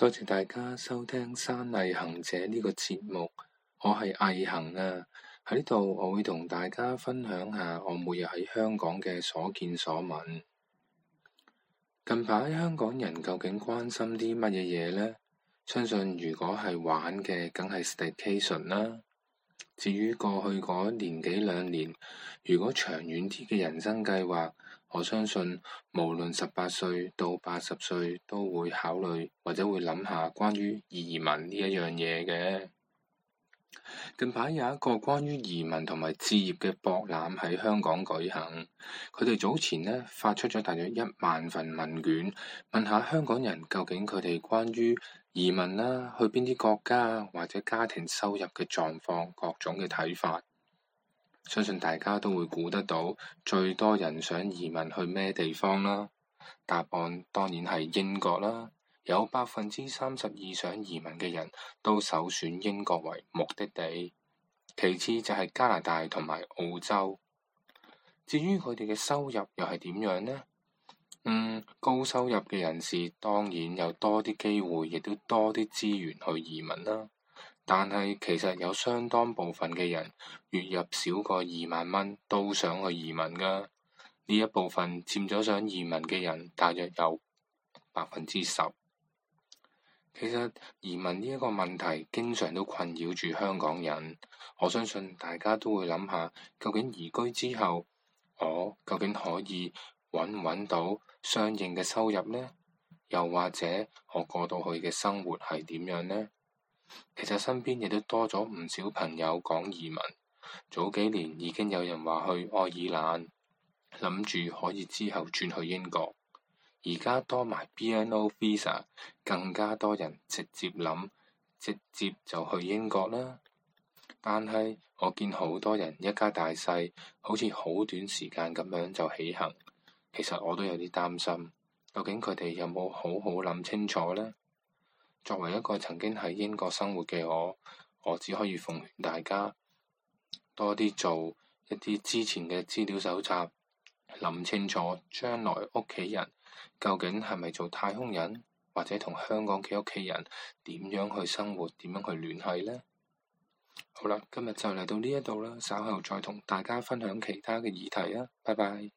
多謝大家收聽《山藝行者》呢個節目，我係藝行啊，喺度我會同大家分享下我每日喺香港嘅所見所聞。近排香港人究竟關心啲乜嘢嘢呢？相信如果係玩嘅，梗係 staycation 啦。至於過去嗰年幾兩年，如果長遠啲嘅人生計劃，我相信無論十八歲到八十歲，都會考慮或者會諗下關於移民呢一樣嘢嘅。近排有一個關於移民同埋置業嘅博覽喺香港舉行，佢哋早前呢發出咗大約一萬份問卷，問下香港人究竟佢哋關於移民啦、啊，去邊啲國家或者家庭收入嘅狀況各種嘅睇法，相信大家都會估得到最多人想移民去咩地方啦？答案當然係英國啦。有百分之三十以上移民嘅人都首選英國為目的地，其次就係加拿大同埋澳洲。至於佢哋嘅收入又係點樣呢？嗯，高收入嘅人士當然有多啲機會，亦都多啲資源去移民啦。但係其實有相當部分嘅人月入少過二萬蚊，都想去移民㗎。呢一部分佔咗想移民嘅人，大約有百分之十。其實移民呢一個問題，經常都困擾住香港人。我相信大家都會諗下，究竟移居之後，我究竟可以搵唔搵到相應嘅收入呢？又或者我過到去嘅生活係點樣呢？其實身邊亦都多咗唔少朋友講移民。早幾年已經有人話去愛爾蘭，諗住可以之後轉去英國。而家多埋 BNO Visa，更加多人直接諗，直接就去英國啦。但係我見好多人一家大細，好似好短時間咁樣就起行，其實我都有啲擔心，究竟佢哋有冇好好諗清楚呢？作為一個曾經喺英國生活嘅我，我我只可以奉勸大家多啲做一啲之前嘅資料搜集。諗清楚將來屋企人究竟係咪做太空人，或者同香港嘅屋企人點樣去生活、點樣去聯繫呢？好啦，今日就嚟到呢一度啦，稍後再同大家分享其他嘅議題啦，拜拜。